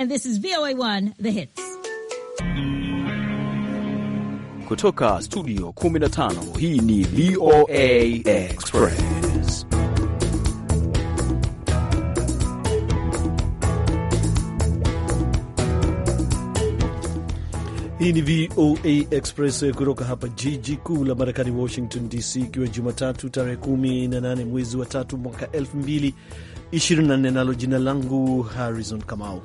and this is VOA1 The Hits. Kutoka studio 15 hii ni VOA Express. Hii ni VOA Express kutoka hapa jiji kuu la Marekani, Washington DC, ikiwa Jumatatu tarehe 18 mwezi wa tatu mwaka 2024, nalo jina langu Harrison Kamau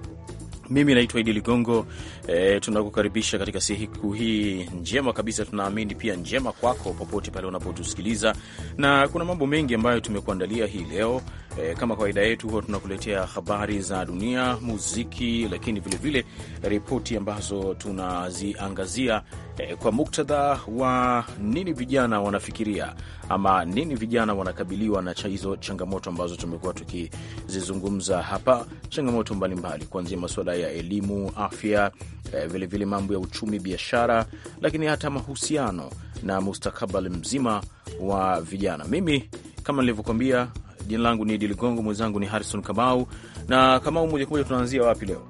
mimi naitwa Idi Ligongo. E, tunakukaribisha katika siku hii njema kabisa, tunaamini pia njema kwako popote pale unapotusikiliza, na kuna mambo mengi ambayo tumekuandalia hii leo E, kama kawaida yetu huwa tunakuletea habari za dunia, muziki, lakini vilevile ripoti ambazo tunaziangazia e, kwa muktadha wa nini vijana wanafikiria ama nini vijana wanakabiliwa na hizo changamoto ambazo tumekuwa tukizizungumza hapa, changamoto mbalimbali kuanzia masuala ya elimu, afya, vilevile vile mambo ya uchumi, biashara, lakini hata mahusiano na mustakabali mzima wa vijana. Mimi kama nilivyokuambia Jina langu ni Idi Ligongo, mwenzangu ni Harrison Kamau. Na Kamau, moja kwa moja tunaanzia wapi leo?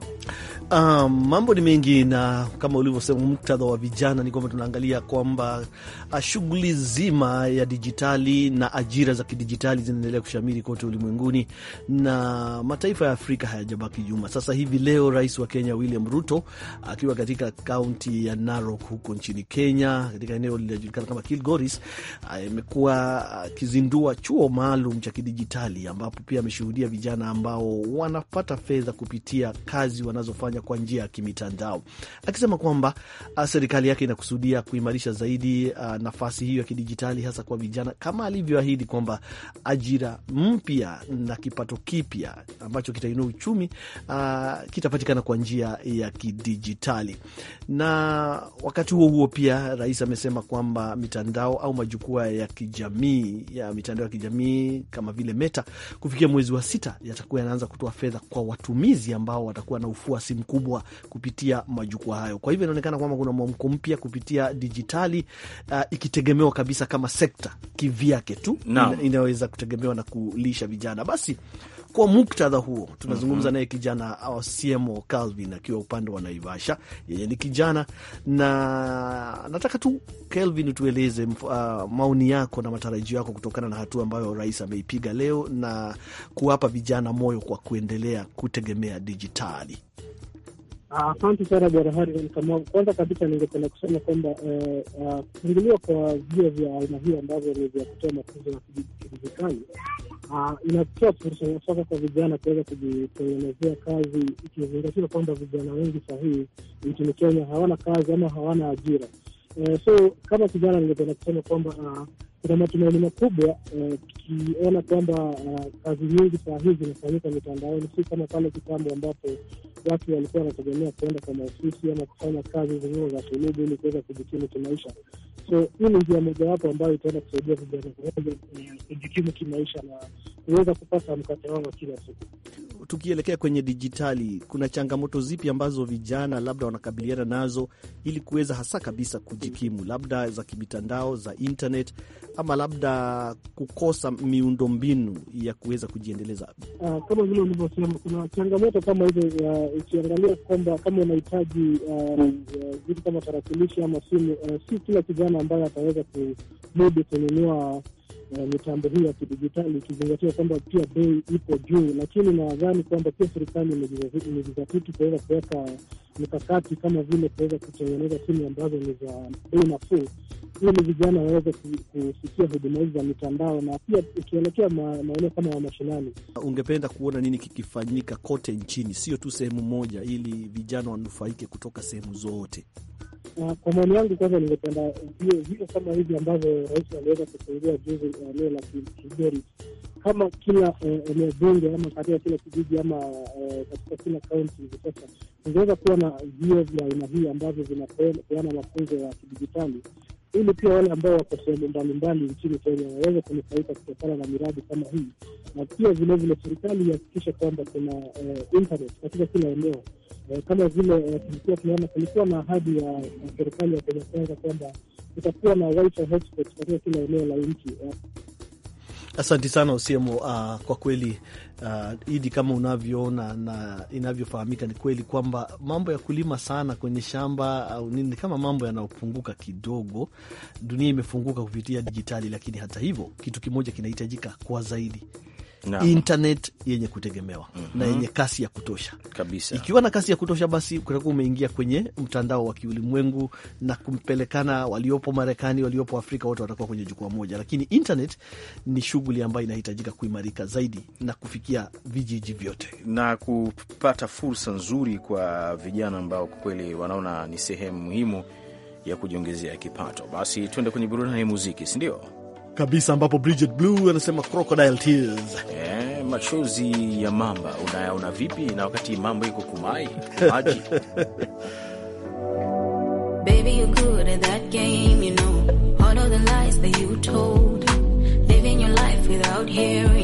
Um, mambo ni mengi na kama ulivyosema, muktadha wa vijana ni kwamba tunaangalia kwamba uh, shughuli zima ya dijitali na ajira za kidijitali zinaendelea kushamiri kote ulimwenguni na mataifa ya Afrika hayajabaki nyuma. Sasa hivi leo, rais wa Kenya William Ruto akiwa katika kaunti ya Narok huko nchini Kenya, katika eneo lililojulikana kama Kilgoris, amekuwa akizindua chuo maalum cha kidijitali ambapo pia ameshuhudia vijana ambao wanapata fedha kupitia kazi wanazofanya kufanya kwa njia ya kimitandao, akisema kwamba uh, serikali yake inakusudia kuimarisha zaidi uh, nafasi hiyo ya kidijitali hasa kwa vijana, kama alivyoahidi kwamba ajira mpya na kipato kipya ambacho kitainua uchumi uh, kitapatikana kwa njia ya kidijitali. Na wakati huo huo pia rais amesema kwamba mitandao au majukwaa ya kijamii ya mitandao ya kijamii kama vile Meta kufikia mwezi wa sita yatakuwa yanaanza kutoa fedha kwa watumizi ambao watakuwa na ufuasi mkubwa kupitia majukwaa hayo. Kwa hivyo inaonekana kwamba kuna mwamko mpya kupitia dijitali, uh, ikitegemewa kabisa kama sekta kivyake tu no. inaweza kutegemewa na kulisha vijana. Basi kwa muktadha huo tunazungumza mm -hmm. naye kijana uh, CMO Calvin akiwa upande wa Naivasha, yeye ni kijana na nataka tu Calvin tueleze uh, maoni yako na matarajio yako kutokana na hatua ambayo rais ameipiga leo na kuwapa vijana moyo kwa kuendelea kutegemea dijitali. Ah, asante sana bwana Harrison Kamau. Kwanza kabisa, ningependa kusema kwamba eh, ah, kufunguliwa kwa vio vya aina hiyo ambavyo ni vya kutoa mafunzo ya kidijitali ah, inatoa fursa sasa kwa vijana kuweza kujitengenezea kazi, ikizingatiwa kwamba vijana wengi sahihi nchini Kenya hawana kazi ama hawana ajira. Eh, so kama kijana, ningependa kusema kwamba kuna matumaini makubwa tukiona eh, tukiona kwamba eh, kazi uh, nyingi saa hii zinafanyika mitandaoni, si kama pale kitambo ambapo watu walikuwa wanategemea kuenda kwa maofisi ama kufanya kazi zingine za sulubu ili kuweza kujikimu kimaisha. So hii ni njia mojawapo ambayo itaenda kusaidia vijana kuweza eh, kujikimu kimaisha na kuweza kupata mkate wao wa kila siku. Tukielekea kwenye dijitali, kuna changamoto zipi ambazo vijana labda wanakabiliana nazo ili kuweza hasa kabisa kujikimu, labda za kimitandao, za internet ama labda kukosa miundombinu ya kuweza kujiendeleza? Uh, kama vile ulivyosema, kuna changamoto kama hizo. Ukiangalia kwamba kama unahitaji ah, hmm. eh, vitu kama tarakilishi ama simu, eh, si kila kijana ambaye ataweza kumudu kununua Eh, mitambo hii ya kidijitali, ikizingatia kwamba pia bei ipo juu, lakini nadhani kwamba pia serikali imejizatiti kuweza kuweka mikakati kama vile kuweza kutengeneza simu ambazo ni za bei nafuu, ili vijana waweze kufikia huduma hizi za mitandao na pia ukielekea maeneo kama ya mashinani. Ungependa kuona nini kikifanyika kote nchini, sio tu sehemu moja, ili vijana wanufaike kutoka sehemu zote? Na kwa maoni yangu, kwanza ningependa hiyo hiyo kama hivi ambavyo rais aliweza kufungua juzi eneo la kigeri kama kila eh, eneo bunge ama katika kila kijiji ama eh, katika kila kaunti hivi sasa ingeweza kuwa na vio vya aina hii ambavyo vinapeana mafunzo ya kidijitali ili pia wale ambao wako sehemu mbalimbali nchini Kenya waweze kunufaika kutokana na miradi kama hii, na pia vilevile serikali ihakikishe kwamba kuna eh, internet katika kila eneo. Eh, kama vile eh, tulikuwa tunaona, kulikuwa na ahadi ya serikali ya Kenya Kwanza kwamba kutakuwa na wifi hotspot katika kila eneo la nchi asanti sana Osiemo. Uh, kwa kweli uh, Idi, kama unavyoona na inavyofahamika, ni kweli kwamba mambo ya kulima sana kwenye shamba au nini, kama mambo yanayopunguka kidogo. Dunia imefunguka kupitia dijitali, lakini hata hivyo kitu kimoja kinahitajika kwa zaidi na internet yenye kutegemewa mm -hmm. na yenye kasi ya kutosha kabisa. Ikiwa na kasi ya kutosha, basi kutakua umeingia kwenye mtandao wa kiulimwengu na kumpelekana, waliopo Marekani, waliopo Afrika, wote watakuwa kwenye jukwaa moja. Lakini internet ni shughuli ambayo inahitajika kuimarika zaidi na kufikia vijiji vyote na kupata fursa nzuri kwa vijana ambao kwa kweli wanaona ni sehemu muhimu ya kujiongezea kipato. Basi tuende kwenye burudani ya muziki, si ndio? kabisa, ambapo Bridget Blue anasema crocodile tears yeah, machozi ya mamba unayaona vipi na wakati mambo iko kumai maji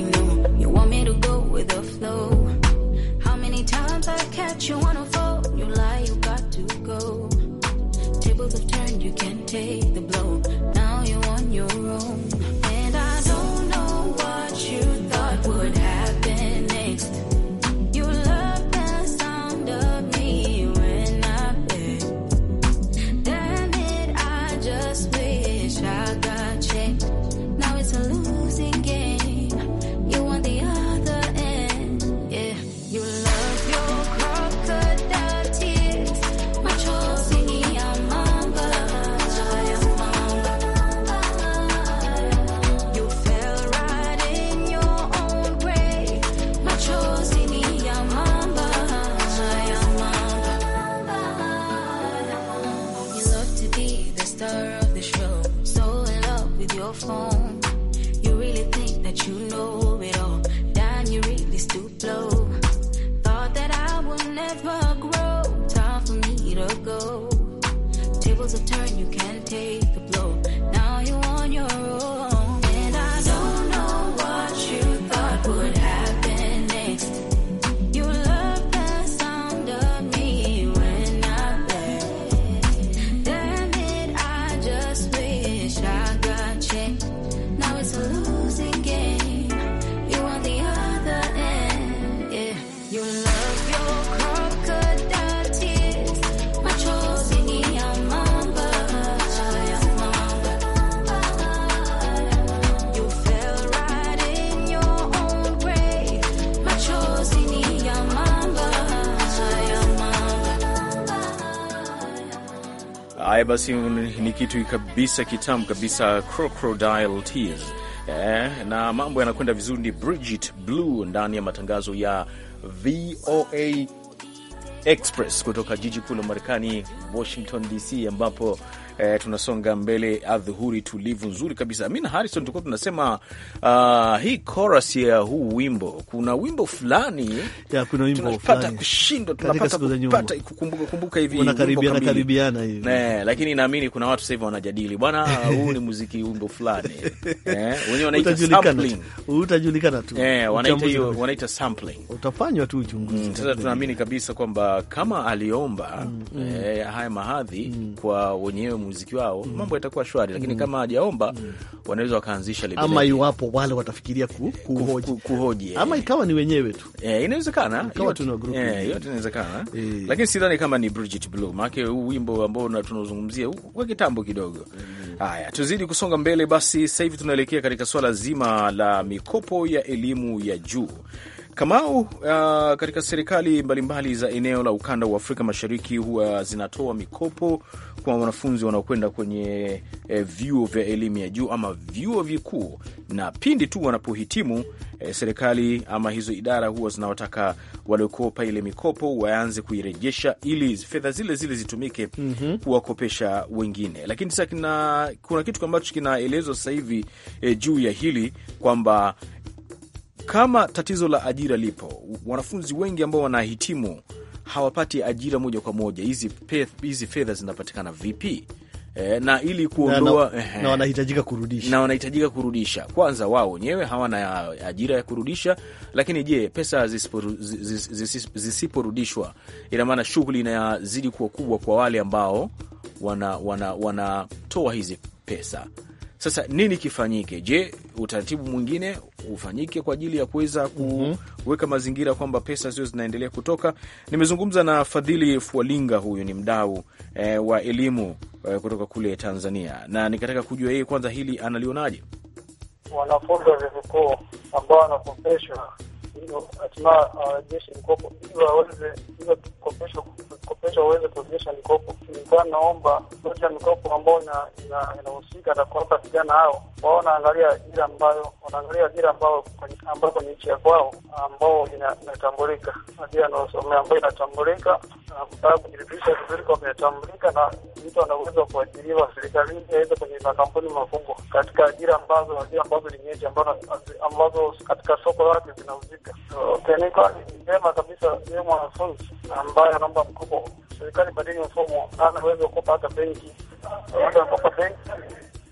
basi ni kitu kabisa kitamu kabisa, Crocodile Tears. Eh, na mambo yanakwenda vizuri. Ni Bridget Blue ndani ya matangazo ya VOA Express kutoka jiji kuu la Marekani, Washington DC, ambapo E, tunasonga mbele, adhuhuri tulivu nzuri kabisa. Mi na Harison tulikuwa tunasema uh, hii chorus ya huu wimbo, kuna wimbo fulani ya kuna wimbo fulani kushindwa, tunapata kupata kukumbuka kumbuka hivi unakaribiana karibiana hivi ne, eh, lakini naamini kuna watu sasa hivi wanajadili bwana, huu ni muziki wimbo fulani eh, wenyewe wanaita sampling, utajulikana tu eh, wanaita hiyo wanaita sampling, utafanywa tu uchunguzi mm. Sasa tunaamini kabisa kwamba kama aliomba mm, mm, eh, haya mahadhi mm, kwa wenyewe muziki wao mm. mambo yatakuwa shwari, lakini mm. kama hajaomba mm. wanaweza wakaanzisha ama iwapo wale watafikiria ku, kuhoji, ku, ku, kuhoji eh. ama ikawa ni wenyewe tu yeah, inawezekana ikawa tuna group eh, yote inawezekana eh. lakini sidhani kama ni Bridget Blue, maana huu wimbo ambao tunazungumzia kwa kitambo kidogo. Mm. Haya, mm. tuzidi kusonga mbele basi. Sasa hivi tunaelekea katika swala zima la mikopo ya elimu ya juu. Kamau, uh, katika serikali mbalimbali za eneo la ukanda wa Afrika Mashariki huwa zinatoa mikopo kwa wanafunzi wanaokwenda kwenye eh, vyuo vya elimu ya juu ama vyuo vikuu, na pindi tu wanapohitimu eh, serikali ama hizo idara huwa zinawataka waliokopa ile mikopo waanze kuirejesha ili fedha zile zile zitumike mm -hmm. kuwakopesha wengine. Lakini sasa kuna kitu ambacho kinaelezwa sasa hivi eh, juu ya hili kwamba kama tatizo la ajira lipo, wanafunzi wengi ambao wanahitimu hawapati ajira moja kwa moja. Hizi fedha zinapatikana vipi? E, na ili kuondoa na wanahitajika kurudisha, na wanahitajika kurudisha. Kwanza wao wenyewe hawana ajira ya kurudisha, lakini je, pesa zisiporudishwa, ina maana shughuli inazidi kuwa kubwa kwa wale ambao wanatoa wana, wana hizi pesa sasa nini kifanyike? Je, utaratibu mwingine ufanyike kwa ajili ya kuweza kuweka mhm. mazingira kwamba pesa zio zinaendelea kutoka? Nimezungumza na Fadhili fualinga huyu ni mdau e, wa elimu e, kutoka kule Tanzania, na nikataka kujua yeye kwanza hili analionaje. Wanafunzi wa vyuo vikuu ambao wanakopeshwa hatimaye warejeshe uh, mikopo ili waweze kukopesha, waweze kurejesha mikopo. Nilikuwa naomba moja ya mikopo ambayo inahusika na kuwapa vijana hao, wao wanaangalia ajira ambayo wanaangalia ajira ambayo ambayo kwenye nchi ya kwao ambao inatambulika, ajira anaosomea ambayo inatambulika, kutaka kujiridhisha vizuri kwa inatambulika na mtu anaweza kuajiriwa serikalini, aweze kwenye makampuni makubwa katika ajira ambazo ajira ambazo ni nyingi ambazo katika soko lake zinauzika. Tenika ni njema kabisa. Ye mwanafunzi ambaye anaomba mkopo, serikali badili mfumo, anaweza kukopa hata benki, aweza kukopa benki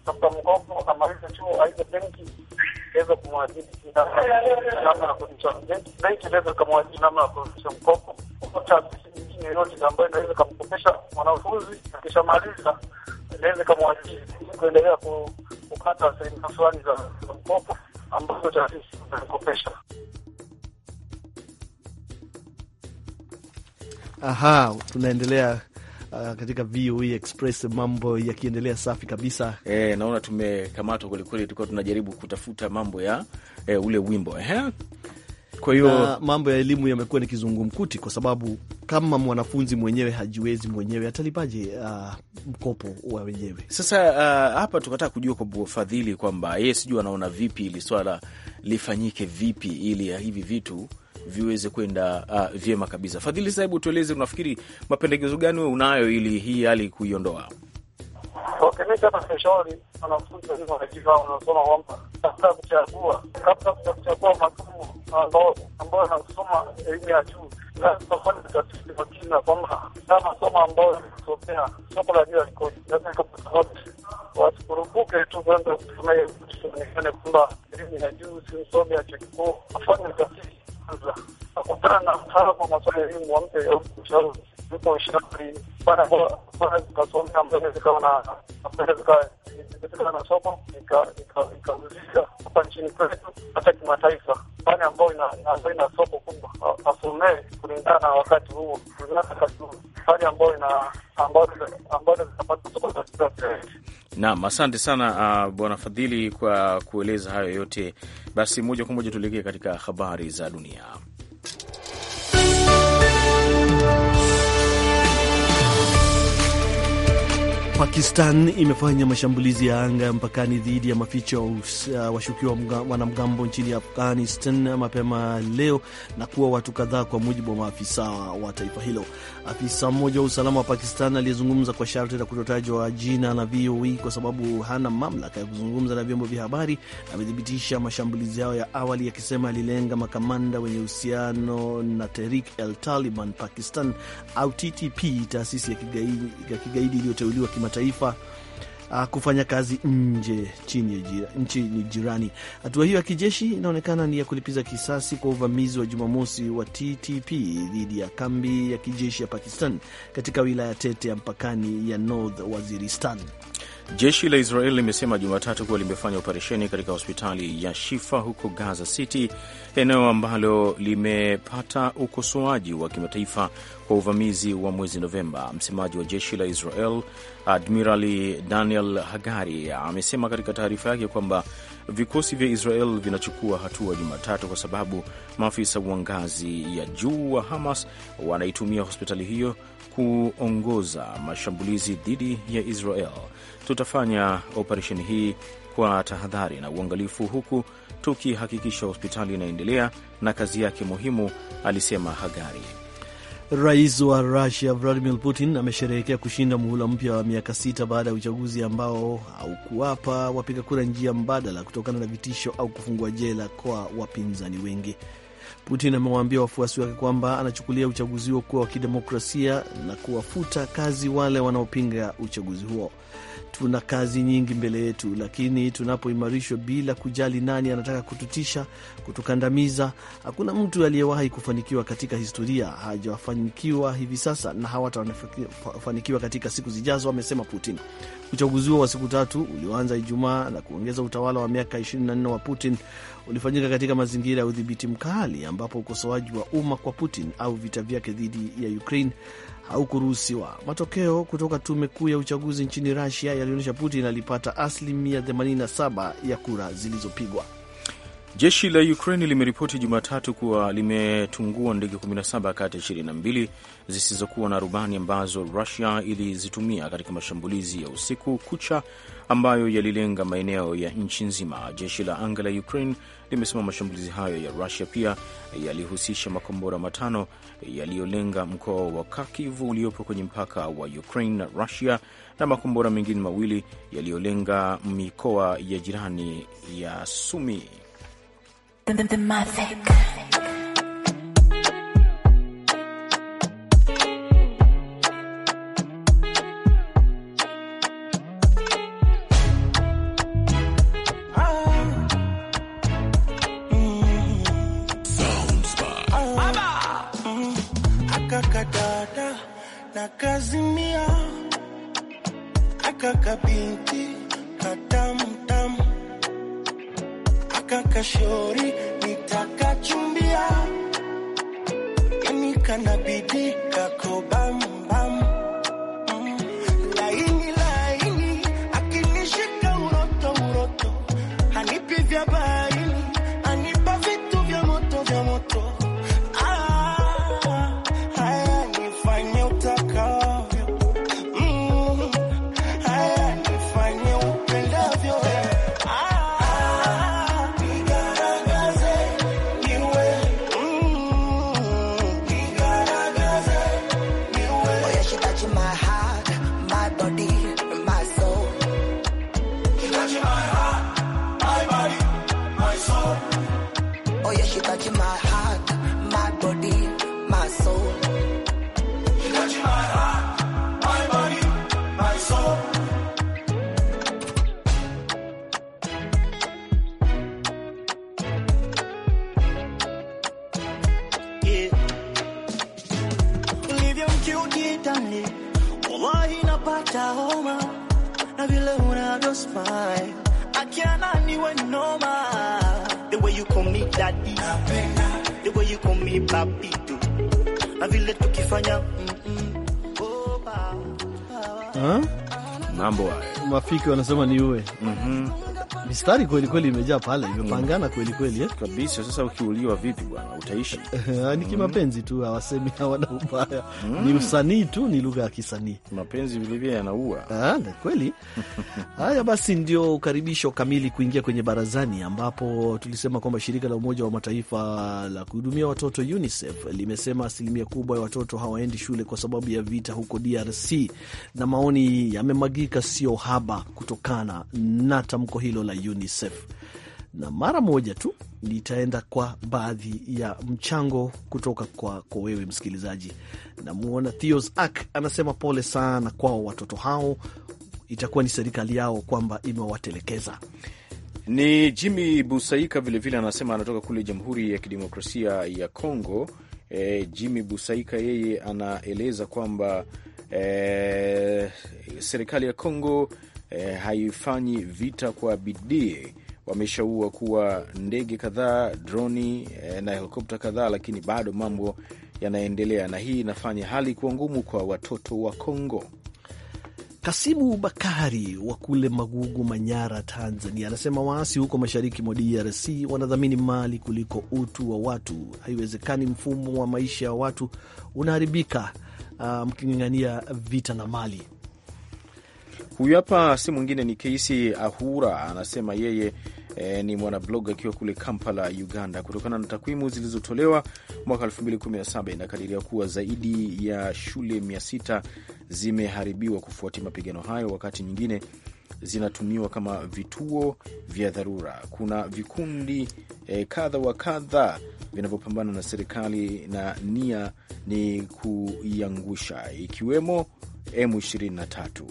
katika mkopo, amalize chuo aize benki iweza kumwajiri namna ya kurudisha benki, benki inaweza namna ya kurudisha mkopo taasisi yoyote ambayo inaweza ikamkomesha mwanafunzi akishamaliza, inaweza ikamwajiri kuendelea kupata sehemu fulani za mkopo ambazo taasisi Aha, tunaendelea Uh, katika VOA e Express mambo yakiendelea safi kabisa. E, naona tumekamatwa kwelikweli, tukiwa tunajaribu kutafuta mambo ya e, ule wimbo Kwa hiyo mambo ya elimu yamekuwa ni kizungumkuti kwa sababu kama mwanafunzi mwenyewe hajiwezi mwenyewe atalipaje uh, mkopo wa wenyewe? Sasa uh, hapa tukataka kujua kwa ufadhili kwamba yeye sijui anaona vipi ili swala lifanyike vipi ili ya uh, hivi vitu viweze kwenda uh, vyema kabisa. Fadhili, sasa hebu tueleze, unafikiri mapendekezo gani we unayo ili hii hali kuiondoa? wakileta mashauri wanafunzi walio wanajiva wanasoma kwamba kabla kuchagua kabla kuchagua masomo ambao ambao anasoma elimu ya juu lazima fanya utafiti kwa kina kwamba aa masomo ambayo yanasomea soko la ajira likoje. Lazima kwa wasikurupuke tu kwanza kusema hiyo kwamba elimu ya juu si msomi ya chuo kikuu, afanye utafiti kwanza, akutana na mtaalamu wa masuala ya elimu, wampe ushauri, mpe ushauri bana zikasomea mbele na soko ikauzika hapa nchini kwetu, hata kimataifa, ambayo ina soko kubwa, asomee kulingana na wakati huo, kulingana na ambayo Naam, asante sana uh, bwana Fadhili kwa kueleza hayo yote. Basi moja kwa moja tuelekee katika habari za dunia. Pakistan imefanya mashambulizi ya anga ya mpakani dhidi ya maficho uh, washukiwa wanamgambo nchini Afghanistan mapema leo na kuwa watu kadhaa, kwa mujibu wa maafisa wa taifa hilo. Afisa mmoja wa usalama wa Pakistan aliyezungumza kwa sharti la kutotajwa jina na VOA e kwa sababu hana mamlaka ya kuzungumza na vyombo vya habari amethibitisha mashambulizi yao ya awali yakisema yalilenga makamanda wenye uhusiano na Tehrik el Taliban Pakistan au TTP, taasisi ya kigaidi iliyoteuliwa kimataifa uh, kufanya kazi nje nchi jirani. Hatua hiyo ya kijeshi inaonekana ni ya kulipiza kisasi kwa uvamizi wa Jumamosi wa TTP dhidi ya kambi ya kijeshi ya Pakistan katika wilaya tete ya mpakani ya North Waziristan. Jeshi la israel limesema Jumatatu kuwa limefanya operesheni katika hospitali ya Shifa huko Gaza City, eneo ambalo limepata ukosoaji wa kimataifa kwa uvamizi wa mwezi Novemba. Msemaji wa jeshi la Israel Admirali Daniel Hagari amesema katika taarifa yake kwamba vikosi vya Israel vinachukua hatua Jumatatu kwa sababu maafisa wa ngazi ya juu wa Hamas wanaitumia hospitali hiyo kuongoza mashambulizi dhidi ya Israel. Tutafanya operesheni hii kwa tahadhari na uangalifu, huku tukihakikisha hospitali inaendelea na kazi yake muhimu, alisema Hagari. Rais wa Rusia Vladimir Putin amesherehekea kushinda muhula mpya wa miaka sita baada ya uchaguzi ambao haukuwapa wapiga kura njia mbadala kutokana na vitisho au kufungwa jela kwa wapinzani wengi. Putin amewaambia wafuasi wake kwamba anachukulia uchaguzi huo kuwa wa kidemokrasia na kuwafuta kazi wale wanaopinga uchaguzi huo tuna kazi nyingi mbele yetu, lakini tunapoimarishwa bila kujali nani anataka kututisha, kutukandamiza. Hakuna mtu aliyewahi kufanikiwa katika historia, hajafanikiwa hivi sasa na hawatafanikiwa katika siku zijazo, amesema Putin. Uchaguzi huo wa siku tatu ulioanza Ijumaa na kuongeza utawala wa miaka 24 wa Putin ulifanyika katika mazingira ya udhibiti mkali, ambapo ukosoaji wa umma kwa Putin au vita vyake dhidi ya Ukraine haukuruhusiwa. Matokeo kutoka tume kuu ya uchaguzi nchini Russia yalionyesha Putin alipata asilimia 87 ya kura zilizopigwa. Jeshi la Ukraini limeripoti Jumatatu kuwa limetungua ndege 17 kati ya 22 zisizokuwa na rubani ambazo Rusia ilizitumia katika mashambulizi ya usiku kucha ambayo yalilenga maeneo ya nchi nzima. Jeshi la anga la Ukraine limesema mashambulizi hayo ya Rusia pia yalihusisha makombora matano yaliyolenga mkoa wa kakiv uliopo kwenye mpaka wa Ukraine na Rusia na makombora mengine mawili yaliyolenga mikoa ya jirani ya Sumi the, the, the magic. Nakazimia akakabinti katamtamu Nitaka kashori, nitaka yani kanabidi kako bam Oh yeah, she touching my kufanya mambo haya. Mafiki wanasema ni uwe mm -hmm mistari kweli kweli imejaa pale, imepangana kweli kweli eh, kabisa. Sasa ukiuliwa vipi bwana, utaishi? ni kimapenzi tu, hawasemi hawana ubaya, mm. ni usanii tu, ni lugha ya kisanii. Mapenzi vilevile yanaua, ah, kweli. Haya basi, ndio ukaribisho kamili kuingia kwenye barazani, ambapo tulisema kwamba shirika la Umoja wa Mataifa la kuhudumia watoto UNICEF limesema asilimia kubwa ya watoto hawaendi shule kwa sababu ya vita huko DRC, na maoni yamemagika sio haba kutokana na tamko hilo la UNICEF. UNICEF na mara moja tu nitaenda kwa baadhi ya mchango kutoka kwa wewe msikilizaji. Namwona Theos Ak anasema pole sana kwao watoto hao, itakuwa ni serikali yao kwamba imewatelekeza. Ni Jimmy Busaika vilevile anasema anatoka kule Jamhuri ya Kidemokrasia ya Kongo. E, Jimmy Busaika yeye anaeleza kwamba e, serikali ya Kongo eh, haifanyi vita kwa bidii. Wameshaua kuwa ndege kadhaa, droni eh, na helikopta kadhaa, lakini bado mambo yanaendelea, na hii inafanya hali kuwa ngumu kwa watoto wa Kongo. Kasimu Bakari wa kule Magugu, Manyara, Tanzania, anasema waasi huko mashariki mwa DRC wanadhamini mali kuliko utu wa watu. Haiwezekani, mfumo wa maisha ya watu unaharibika uh, mking'ang'ania vita na mali. Huyu hapa si mwingine ni Keisi Ahura, anasema yeye e, ni mwanablog akiwa kule Kampala, Uganda. Kutokana na takwimu zilizotolewa mwaka 2017 inakadiria kuwa zaidi ya shule 600 zimeharibiwa kufuatia mapigano hayo, wakati nyingine zinatumiwa kama vituo vya dharura. Kuna vikundi e, kadha wa kadha vinavyopambana na serikali na nia ni kuiangusha, ikiwemo M23.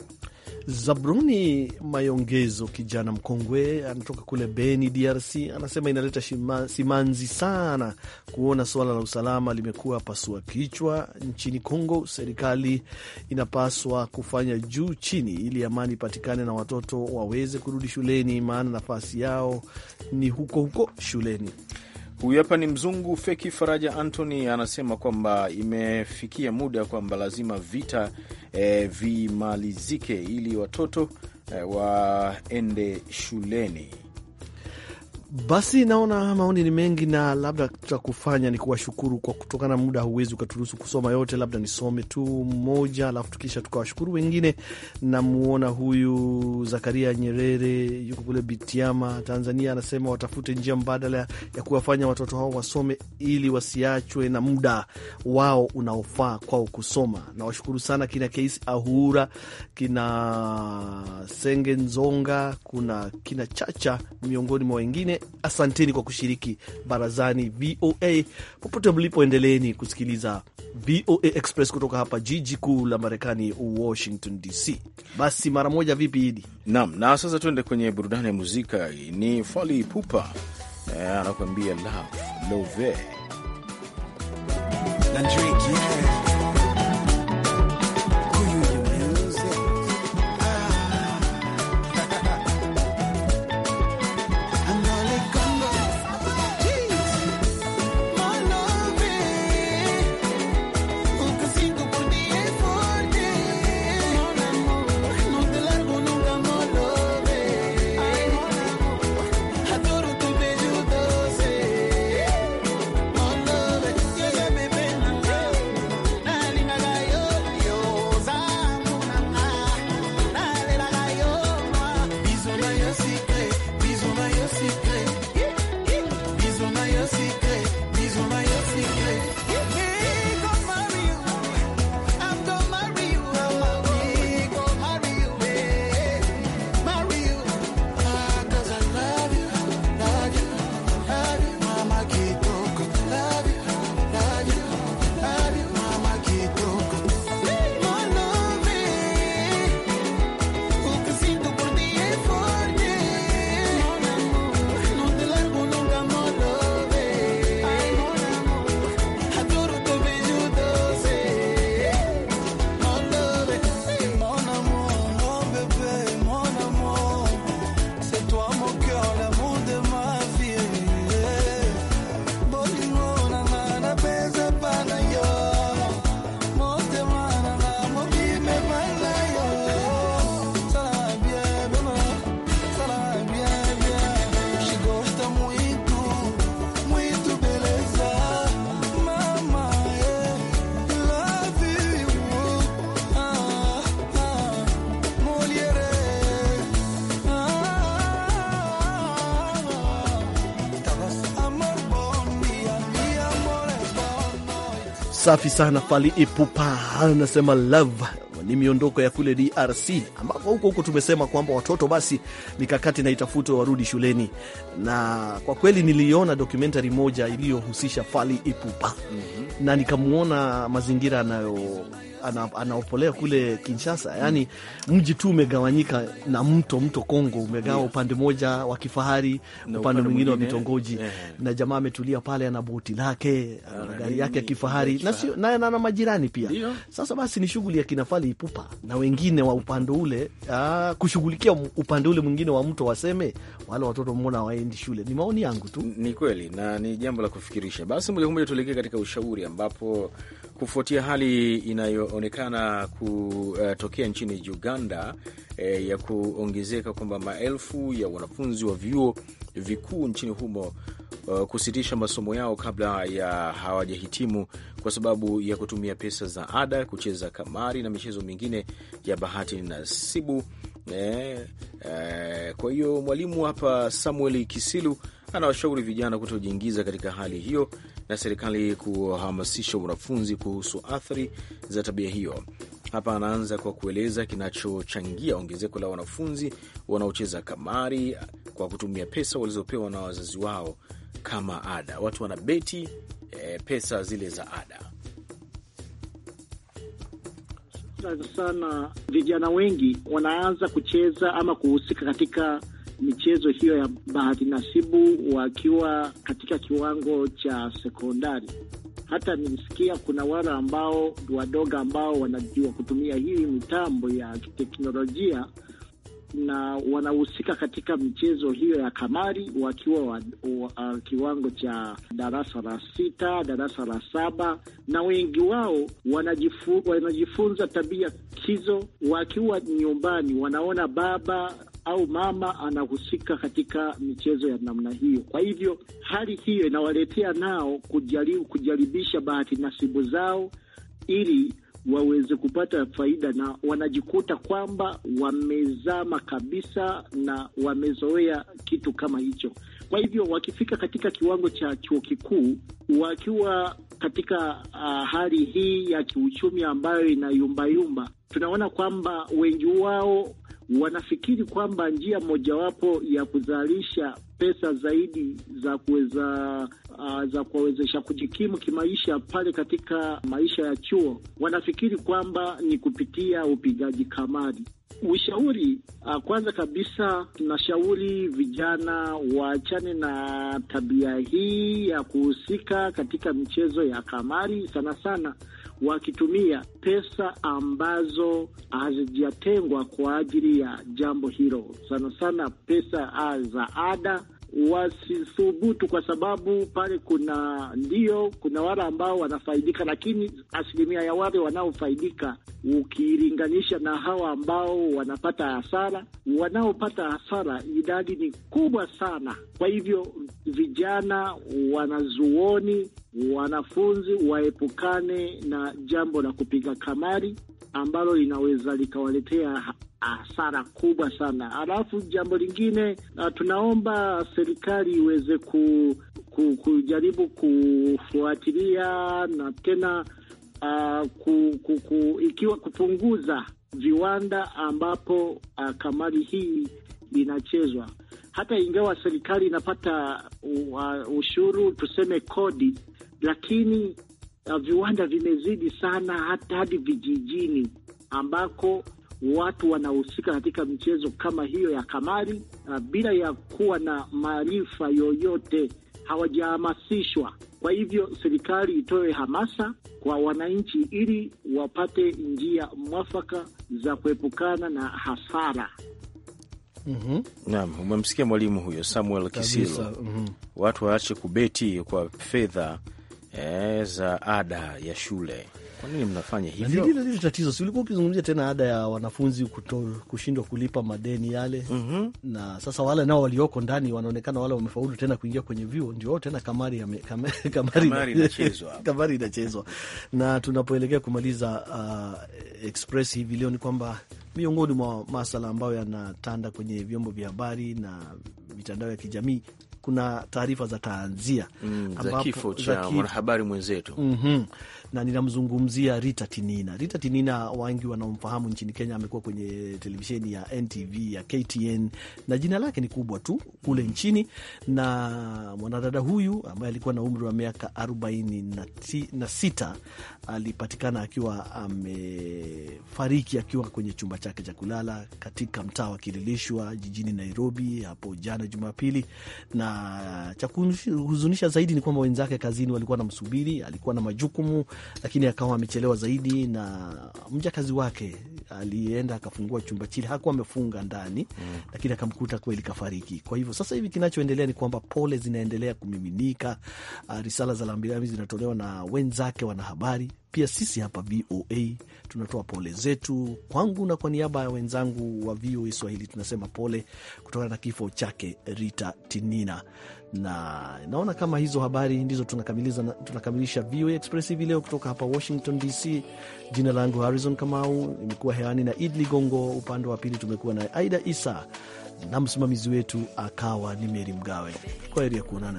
Zabruni Mayongezo, kijana mkongwe anatoka kule Beni, DRC, anasema inaleta shima, simanzi sana kuona suala la usalama limekuwa pasua kichwa nchini Kongo. Serikali inapaswa kufanya juu chini ili amani ipatikane na watoto waweze kurudi shuleni, maana nafasi yao ni huko huko shuleni. Huyu hapa ni mzungu Feki Faraja antony anasema kwamba imefikia muda kwamba lazima vita e, vimalizike ili watoto e, waende shuleni. Basi naona maoni ni mengi, na labda tutakufanya ni kuwashukuru kwa kutokana, muda huwezi ukaturuhusu kusoma yote, labda nisome tu mmoja, alafu tukisha tukawashukuru wengine. Namuona huyu Zakaria Nyerere, yuko kule Bitiama, Tanzania, anasema watafute njia mbadala ya kuwafanya watoto hao wasome ili wasiachwe na muda wao unaofaa kwao kusoma. Nawashukuru sana kina kesi Ahura, kina senge nzonga kuna kina Chacha miongoni mwa wengine asanteni kwa kushiriki barazani VOA. Popote mlipo, endeleeni kusikiliza VOA Express kutoka hapa jiji kuu la Marekani, Washington DC. Basi mara moja, vipi Idi nam. Na sasa tuende kwenye burudani ya muzika. Ni Fali pupa eh, anakuambia love love Safi sana. Fali Ipupa anasema love ni miondoko ya kule DRC ambapo huko huko tumesema kwamba watoto basi mikakati na itafuto warudi shuleni, na kwa kweli niliona dokumentari moja iliyohusisha Fali Ipupa mm -hmm. na nikamwona mazingira anayo anaopolea ana kule Kinshasa, yani mji tu umegawanyika na mto, mto Kongo umegawa upande moja wa kifahari, upande mwingine wa vitongoji, eh. na jamaa ametulia pale, ana boti lake, ana ah, gari yake ya kifahari na na majirani pia. Sasa basi ni shughuli ya kinafali ipupa na wengine wa upande ule aa, ah, kushughulikia upande ule mwingine wa mto, waseme wale watoto mbona waendi shule? Ni maoni yangu tu. Ni kweli na ni jambo la kufikirisha. Basi moja kwa moja tuelekee katika ushauri, ambapo kufuatia hali inayo inayoonekana kutokea nchini Uganda e, ya kuongezeka kwamba maelfu ya wanafunzi wa vyuo vikuu nchini humo uh, kusitisha masomo yao kabla ya hawajahitimu kwa sababu ya kutumia pesa za ada kucheza kamari na michezo mingine ya bahati nasibu. E, e, kwa hiyo mwalimu hapa Samuel Kisilu anawashauri vijana kutojiingiza katika hali hiyo na serikali kuwahamasisha wanafunzi kuhusu athari za tabia hiyo. Hapa anaanza kwa kueleza kinachochangia ongezeko la wanafunzi wanaocheza kamari kwa kutumia pesa walizopewa na wazazi wao kama ada. Watu wanabeti e, eh, pesa zile za ada sana. Vijana wengi wanaanza kucheza ama kuhusika katika michezo hiyo ya bahati nasibu wakiwa katika kiwango cha sekondari. Hata nilisikia kuna wale ambao wadogo ambao wanajua kutumia hii mitambo ya teknolojia na wanahusika katika michezo hiyo ya kamari wakiwa wa, wa, wa uh, kiwango cha darasa la sita, darasa la saba, na wengi wao wanajifu, wanajifunza tabia hizo wakiwa nyumbani, wanaona baba au mama anahusika katika michezo ya namna hiyo. Kwa hivyo hali hiyo inawaletea nao kujaribu kujaribisha bahati nasibu zao ili waweze kupata faida, na wanajikuta kwamba wamezama kabisa na wamezoea kitu kama hicho. Kwa hivyo wakifika katika kiwango cha chuo kikuu, wakiwa katika uh, hali hii ya kiuchumi ambayo inayumbayumba, tunaona kwamba wengi wao wanafikiri kwamba njia mojawapo ya kuzalisha pesa zaidi za kuweza uh, za kuwawezesha kujikimu kimaisha pale katika maisha ya chuo, wanafikiri kwamba ni kupitia upigaji kamari. Ushauri uh, kwanza kabisa tunashauri vijana waachane na tabia hii ya kuhusika katika michezo ya kamari sana sana, wakitumia pesa ambazo hazijatengwa kwa ajili ya jambo hilo, sana sana pesa za ada wasithubutu, kwa sababu pale kuna ndio, kuna wale ambao wanafaidika, lakini asilimia ya wale wanaofaidika ukilinganisha na hawa ambao wanapata hasara, wanaopata hasara idadi ni kubwa sana. Kwa hivyo vijana, wanazuoni, wanafunzi waepukane na jambo la kupiga kamari ambalo linaweza likawaletea hasara ah, kubwa sana. Alafu jambo lingine, ah, tunaomba serikali iweze ku, ku, kujaribu kufuatilia na tena uh, ku, ku, ku, ikiwa kupunguza viwanda ambapo uh, kamari hii inachezwa, hata ingawa serikali inapata uh, ushuru tuseme kodi, lakini uh, viwanda vimezidi sana hata hadi vijijini ambako watu wanahusika katika mchezo kama hiyo ya kamari uh, bila ya kuwa na maarifa yoyote, hawajahamasishwa. Kwa hivyo serikali itoe hamasa kwa wananchi ili wapate njia mwafaka za kuepukana na hasara. Mm -hmm. Naam, umemsikia mwalimu huyo Samuel Kisilo. Mm -hmm. Watu waache kubeti kwa fedha eh, za ada ya shule. Kwa nini mnafanya hivyo? Ndilo ndilo tatizo. Si ulikuwa ukizungumzia tena ada ya wanafunzi kushindwa kulipa madeni yale mm -hmm. na sasa wale nao walioko ndani wanaonekana wale wamefaulu tena kuingia kwenye vyuo, ndio wao tena kamari kamari, kamari inachezwa kamari inachezwa na tunapoelekea kumaliza uh, express hivi leo ni kwamba miongoni mwa masala ambayo yanatanda kwenye vyombo vya habari na mitandao ya kijamii kuna taarifa za taanzia mm, za kifo cha mwanahabari mwenzetu mm -hmm na ninamzungumzia Rita Tinina. Rita Tinina wengi wanaomfahamu nchini Kenya, amekuwa kwenye televisheni ya NTV ya KTN na jina lake ni kubwa tu kule nchini. Na mwanadada huyu ambaye alikuwa na umri wa miaka arobaini na sita alipatikana akiwa amefariki akiwa kwenye chumba chake cha kulala katika mtaa wa Kililishwa jijini Nairobi hapo jana Jumapili. Na cha kuhuzunisha zaidi ni kwamba wenzake kazini walikuwa na msubiri alikuwa na majukumu lakini akawa amechelewa zaidi, na mjakazi wake alienda akafungua chumba chile, hakuwa amefunga ndani mm. lakini akamkuta kweli kafariki. Kwa hivyo sasa hivi kinachoendelea ni kwamba pole zinaendelea kumiminika, ah, risala za rambirambi zinatolewa na wenzake wanahabari pia sisi hapa VOA tunatoa pole zetu. Kwangu na kwa niaba ya wenzangu wa VOA Swahili tunasema pole kutokana na kifo chake Rita Tinina na naona kama hizo habari ndizo tunakamilisha, tunakamilisha VOA Express hivi leo kutoka hapa Washington DC. Jina langu Harrison Kamau, imekuwa hewani na Id Ligongo, upande wa pili tumekuwa na Aida Isa na msimamizi wetu akawa ni Meri Mgawe. Kwa heri ya kuonana.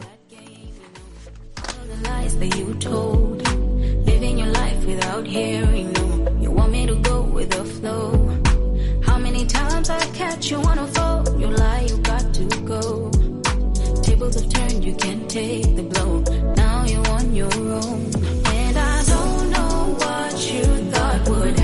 tables have turned, you can't take the blow. Now you're on your own. And I don't know what you thought would